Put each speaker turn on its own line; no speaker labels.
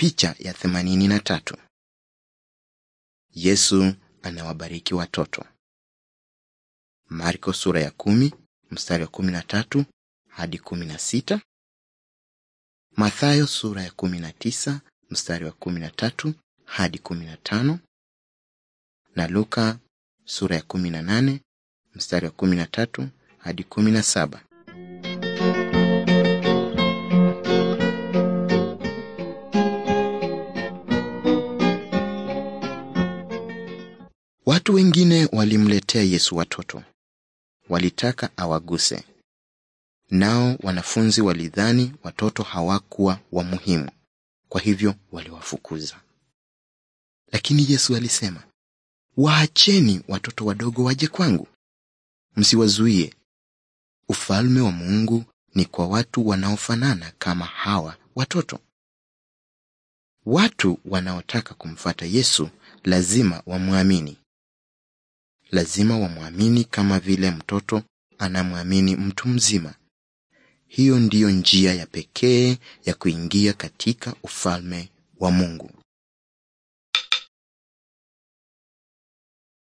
Picha ya themanini na tatu. Yesu anawabariki watoto. Marko sura ya kumi mstari wa kumi na tatu hadi kumi na sita. Mathayo sura ya kumi na tisa mstari wa kumi na tatu hadi kumi na tano na Luka sura ya kumi na nane mstari wa kumi na tatu hadi kumi na saba. Watu wengine walimletea Yesu watoto, walitaka awaguse, nao wanafunzi walidhani watoto hawakuwa wa muhimu, kwa hivyo waliwafukuza. Lakini Yesu alisema, waacheni watoto wadogo waje kwangu, msiwazuie. Ufalme wa Mungu ni kwa watu wanaofanana kama hawa watoto. Watu wanaotaka kumfata Yesu lazima wamwamini lazima wamwamini kama vile mtoto anamwamini mtu mzima. Hiyo ndiyo njia ya pekee ya kuingia katika ufalme wa Mungu.